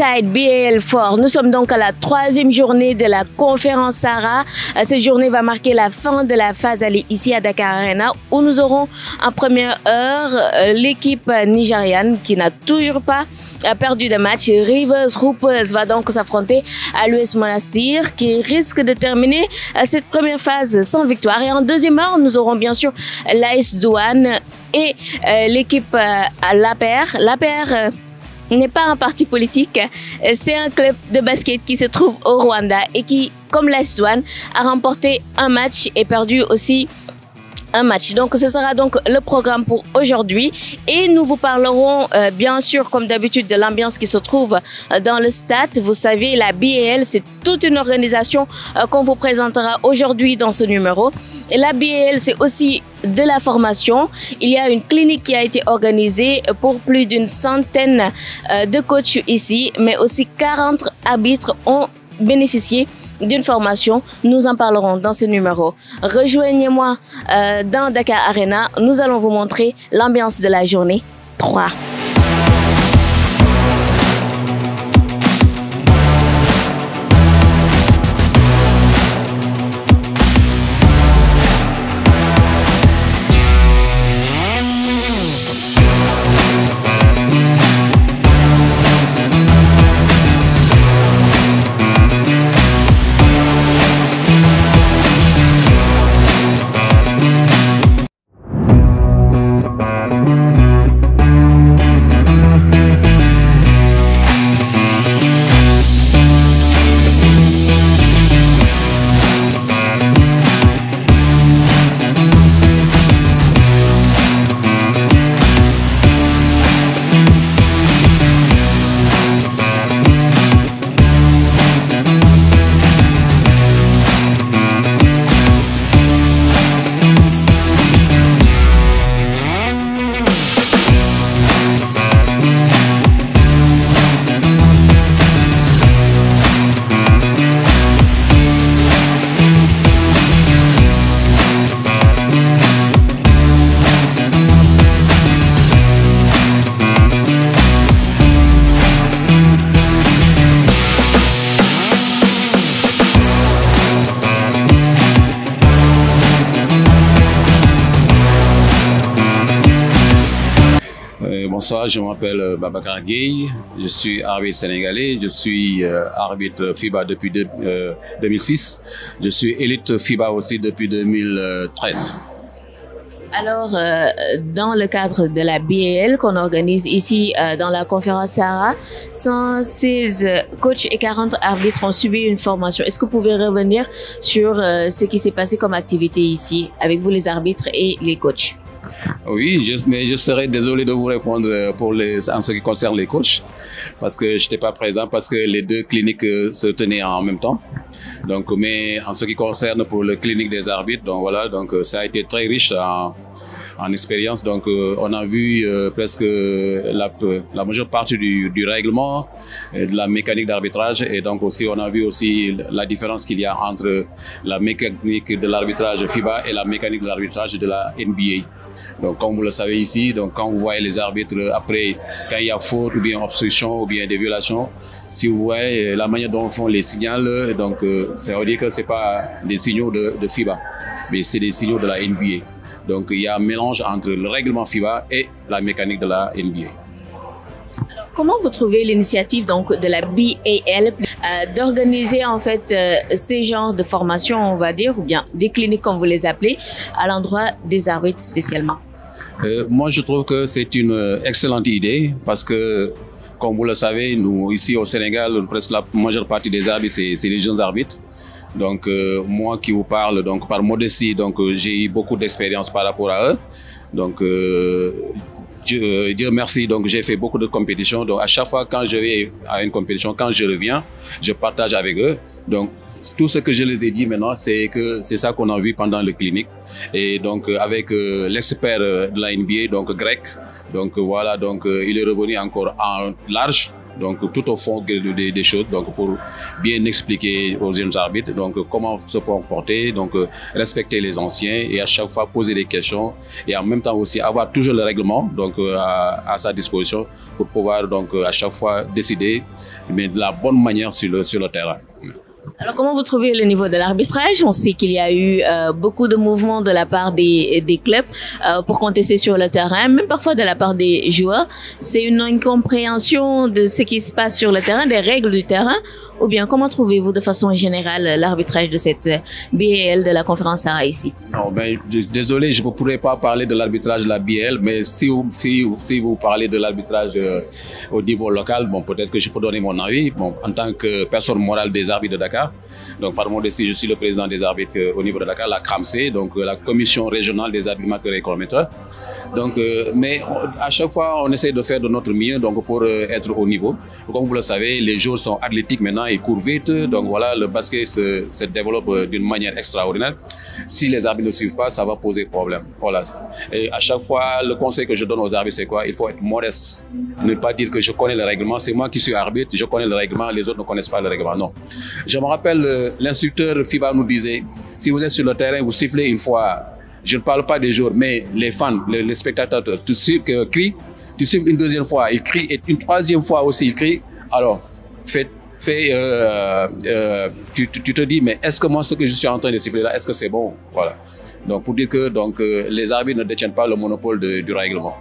Inside BL Fort. Nous sommes donc à la troisième journée de la conférence Sarah. Euh, cette journée va marquer la fin de la phase aller ici à Dakar Arena où nous aurons en première heure euh, l'équipe nigériane qui n'a toujours pas euh, perdu de match. Rivers Hoopers va donc s'affronter à l'US Monastir qui risque de terminer cette première phase sans victoire. Et en deuxième heure, nous aurons bien sûr l'AS Douane et l'équipe à la paire. La paire n'est pas un parti politique, euh, c'est un club de basket qui se trouve au Rwanda et qui, comme la Swan, a remporté un match et perdu aussi un match. Donc ce sera donc le programme pour aujourd'hui et nous vous parlerons euh, bien sûr comme d'habitude de l'ambiance qui se trouve euh, dans le stade. Vous savez, la BL, c'est toute une organisation euh, qu'on vous présentera aujourd'hui dans ce numéro. Et la BL, c'est aussi de la formation. Il y a une clinique qui a été organisée pour plus d'une centaine de coachs ici, mais aussi 40 arbitres ont bénéficié d'une formation. Nous en parlerons dans ce numéro. Rejoignez-moi euh, dans Dakar Arena. Nous allons vous montrer l'ambiance de la journée 3. je m'appelle euh, Babacar Gueye, je suis arbitre sénégalais, je suis euh, arbitre FIBA depuis 2006, euh, je suis élite FIBA aussi depuis 2013. Alors, dans le cadre de la BAL qu'on organise ici dans la conférence Sahara, 116 coachs et 40 arbitres ont subi une formation. Est-ce que vous pouvez revenir sur ce qui s'est passé comme activité ici avec vous les arbitres et les coachs oui, mais je serais désolé de vous répondre euh, pour en ce qui concerne les coachs, parce que je n'étais pas présent, parce que les deux cliniques euh, se tenaient en même temps. Donc, mais en ce qui concerne pour le clinique des arbitres, donc voilà, donc euh, ça a été très riche en, en expérience. Donc, euh, on a vu euh, presque la, la, majeure partie du, du règlement, euh, de la mécanique d'arbitrage. Et donc aussi, on a vu aussi la différence qu'il y a entre la mécanique de l'arbitrage FIBA et la mécanique de l'arbitrage de la NBA. Donc, comme vous le savez ici, donc quand vous voyez les arbitres après, quand il y a faute ou bien obstruction ou bien des violations, si vous voyez la manière dont font les signaux, donc ça veut dire que ce pas des signaux de, de FIBA, mais c'est des signaux de la NBA. Donc il y a un mélange entre le règlement FIBA et la mécanique de la NBA. comment vous trouvez l'initiative donc de la BAL euh, d'organiser en fait euh, ces genres de formations, on va dire, ou bien des cliniques comme vous les appelez, à l'endroit des arbitres spécialement euh, Moi, je trouve que c'est une excellente idée parce que comme vous le savez, nous, ici au Sénégal, presque la majeure partie des arbitres, c'est les jeunes arbitres. Donc euh, moi qui vous parle, donc par modestie, donc euh, j'ai eu beaucoup d'expérience par rapport à eux. Donc euh, euh, Dieu, merci, donc j'ai fait beaucoup de compétitions. Donc à chaque fois quand je vais à une compétition, quand je reviens, je partage avec eux. Donc tout ce que je les ai dit maintenant, c'est que c'est ça qu'on a vu pendant le clinique. Et donc avec l'expert de la NBA, donc grec, donc voilà, donc il est revenu encore en large donc tout au fond des, choses, donc pour bien expliquer aux jeunes arbitres donc comment se comporter, donc respecter les anciens et à chaque fois poser des questions et en même temps aussi avoir toujours le règlement donc euh, à, à sa disposition pour pouvoir donc à chaque fois décider mais de la bonne manière sur le sur le terrain. Alors, comment vous trouvez le niveau de l'arbitrage On sait qu'il y a eu euh, beaucoup de mouvements de la part des, des clubs euh, pour contester sur le terrain, même parfois de la part des joueurs. C'est une incompréhension de ce qui se passe sur le terrain, des règles du terrain. Ou bien, comment trouvez-vous de façon générale l'arbitrage de cette BL de la conférence à ici Non, ben, désolé, je ne pourrais pas parler de l'arbitrage de la BL, mais si vous, si, vous parlez de l'arbitrage euh, au niveau local, bon, peut-être que je peux donner mon avis. Bon, en tant que personne morale des arbitres de Dakar, donc, par mon destin, je suis le président des arbitres euh, au niveau de Dakar, la CRAMC, donc euh, la Commission régionale des arbitres macroéconomiques. et Donc, euh, mais à chaque fois, on essaie de faire de notre mieux donc, pour être au niveau. Comme vous le savez, les jours sont athlétiques maintenant, ils courent vite. Donc voilà, le basket se, développe d'une manière extraordinaire. Si les arbitres ne suivent pas, ça va poser problème. Voilà. Et à chaque fois, le conseil que je donne aux arbitres, c'est quoi Il faut être modeste. Ne pas dire que je connais le règlement, c'est moi qui suis arbitre, je connais le règlement, les autres ne connaissent pas le règlement. Non. Je me rappelle, euh, l'instructeur FIBA nous disait, si vous êtes sur le terrain, vous sifflez une fois. Je ne parle pas des jours, mais les fans, les, spectateurs, tu siffles, euh, tu siffles une deuxième fois, ils crient, et une troisième fois aussi, ils crient. Alors, fait euh, tu, te dis, mais est-ce que moi, ce que je suis en train de siffler là, est-ce que c'est bon Voilà. Donc, pour dire que donc, les arbitres ne détiennent pas le monopole du règlement.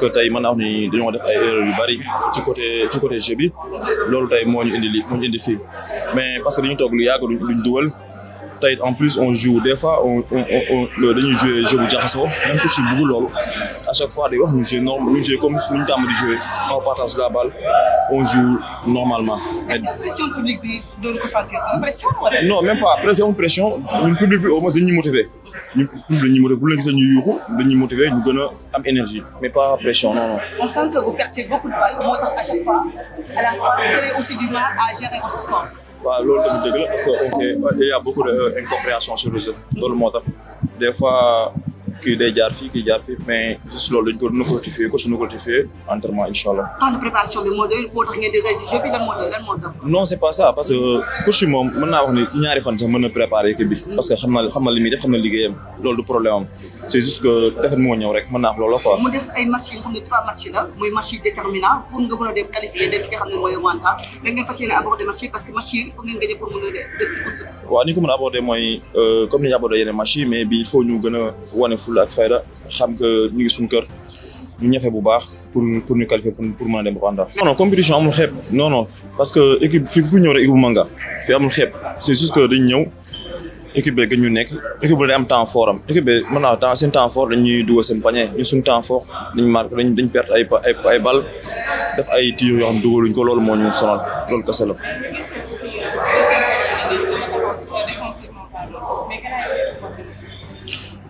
que tay mën wax ni dañu def ay erreurs yu bari ci côté ci côté jeu bi loolu tey moo indi li moñu indi fi mais parce que dañu tok lu yàgg duñ duñ en plus on joue des fois on on on jouer jeu au jaxasoo même coach à chaque fois on wax nous comme une ñu de jouer on partage la balle on joue normalement. est-ce que pression publique bi doon ko sentir pression non même pas une pression une public au moins dañuy motiver ñun le dañuy motiver bu la gisee ñu donne motiver am énergie mais pas pression non on sent que vous perdez beaucoup de balles à chaque fois à la fois vous avez aussi du mal à gérer votre score waaw loolu tamit dëgg la parce que il y a beaucoup d'incompréhension sur le jeu loolu le tax des fois kii day jaar fii kii jaar fii mais juste loolu dañ ko nu ko notifié ko su ñu ko notifié entraînement incha allah. temps de préparation bi moo doy moo tax ngeen déséché bi lan moo doy lan moo doy. non c' est pas ça parce que coach bi moom mën naa wax ni ci ñaari fan sax mën na préparer équipe bi. parce que xam na xam na li muy def xam na liggéeyam loolu du problème am c' est juste que defet moo ñëw rek mën naa wax loolu quoi. mu des ay matchs yi nga xam ne trois matchs la muy match yi déterminant pour nga mën a dem qualifié dem fi nga xam ne mooy Rwanda mais ngeen fas yéene aborder match yi parce que match yi foog ngeen gagné pour mën a des si course. waaw ni ñu ko mën a aborder mooy euh, comme ni ñu aborder yeneen match yi mais bi il faut ñu gën a wane fulla ak fayda xam que ñu ngi kër ñu ñafe bu baax pour pour ñu qualifier pour pour mën a dem Rwanda. non non compétition amul xeeb non parce que équipe fi fu ñëw rek équipe dañ ñëw équipe bi ñu nekk am temps fort am équipe bi mën naa temps seen temps fort dañuy dugal seen panier ñu suñu temps fort dañ marqué dañ dañ perte ay ay ay bal def ay tirs yoo xam dugaluñ loolu moo ñu sonal loolu kese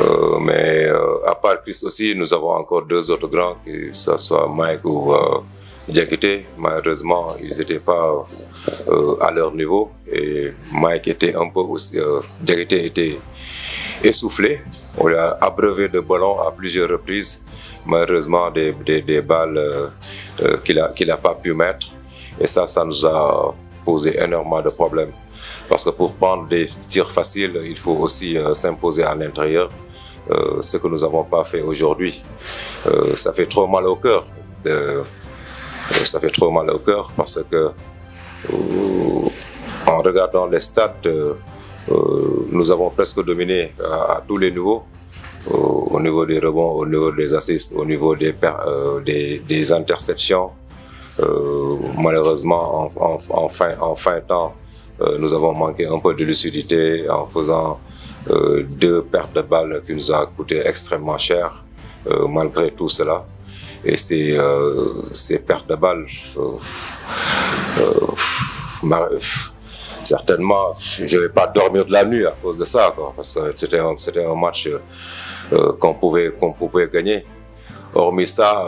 Euh, mais euh, à part Chris aussi, nous avons encore deux autres grands, que ce soit Mike ou euh, Malheureusement, ils n'étaient pas euh, à leur niveau. Et Mike était un peu aussi. était essoufflé. On l'a abreuvé de ballons à plusieurs reprises. Malheureusement, des, des, balles qu'il n'a pas pu mettre. Et ça, ça nous a posé énormément de problèmes. Parce que pour prendre des tirs faciles, il faut aussi s'imposer à l'intérieur. Euh, ce que nous n'avons pas fait aujourd'hui. Euh, ça fait trop mal au cœur. Euh, ça fait trop mal au cœur parce que en regardant les stats, nous avons presque dominé à, tous les niveaux au niveau des rebonds, au niveau des assists, au niveau des, interceptions. malheureusement, en, fin, en temps, nous avons manqué un peu de lucidité en faisant euh, deux pertes de balles qui nous ont coûté extrêmement cher euh, malgré tout cela. Et ces, euh, ces pertes de balles, certainement, je ne vais pas dormir de la nuit à cause de ça, parce que c'était un, match qu'on pouvait, qu'on pouvait gagner. Hormis ça,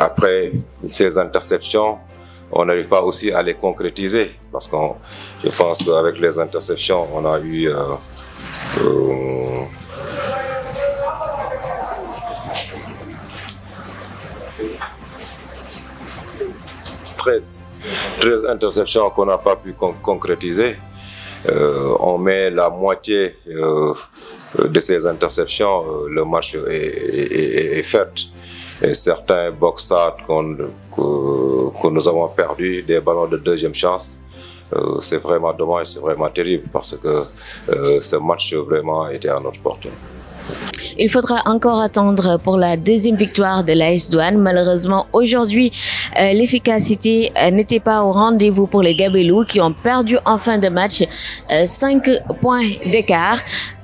après ces interceptions, on n'arrive pas aussi à les concrétiser parce que je pense qu'avec les interceptions, on a eu 13 euh, interceptions qu'on n'a pas pu concrétiser. Euh, on met la moitié euh, de ces interceptions, le match est, fait. Et certains box que, nous avons perdu des ballons de deuxième chance, euh, c'est vraiment dommage, c'est vraiment terrible parce que euh, ce match vraiment était à notre porte. Il faudra encore attendre pour la deuxième victoire de l'AS Douane. Malheureusement, aujourd'hui, euh, l'efficacité n'était pas au rendez-vous pour les Gabelous qui ont perdu en fin de match 5 points d'écart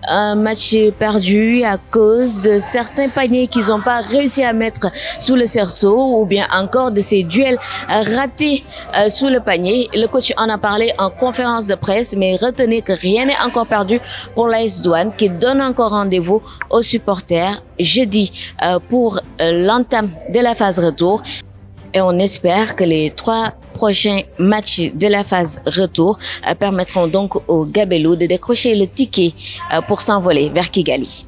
un match perdu à cause de certains paniers qu'ils n'ont pas réussi à mettre sous le cerceau ou bien encore de ces duels euh, ratés euh, sous le panier. Le coach en a parlé en conférence de presse, mais retenez que rien n'est encore perdu pour l'AS Douane qui donne encore rendez-vous aux supporters jeudi euh, pour l'entame de la phase retour et on espère que les trois prochains matchs de la phase retour euh, permettront donc au Gabellou de décrocher le ticket euh, pour s'envoler vers Kigali.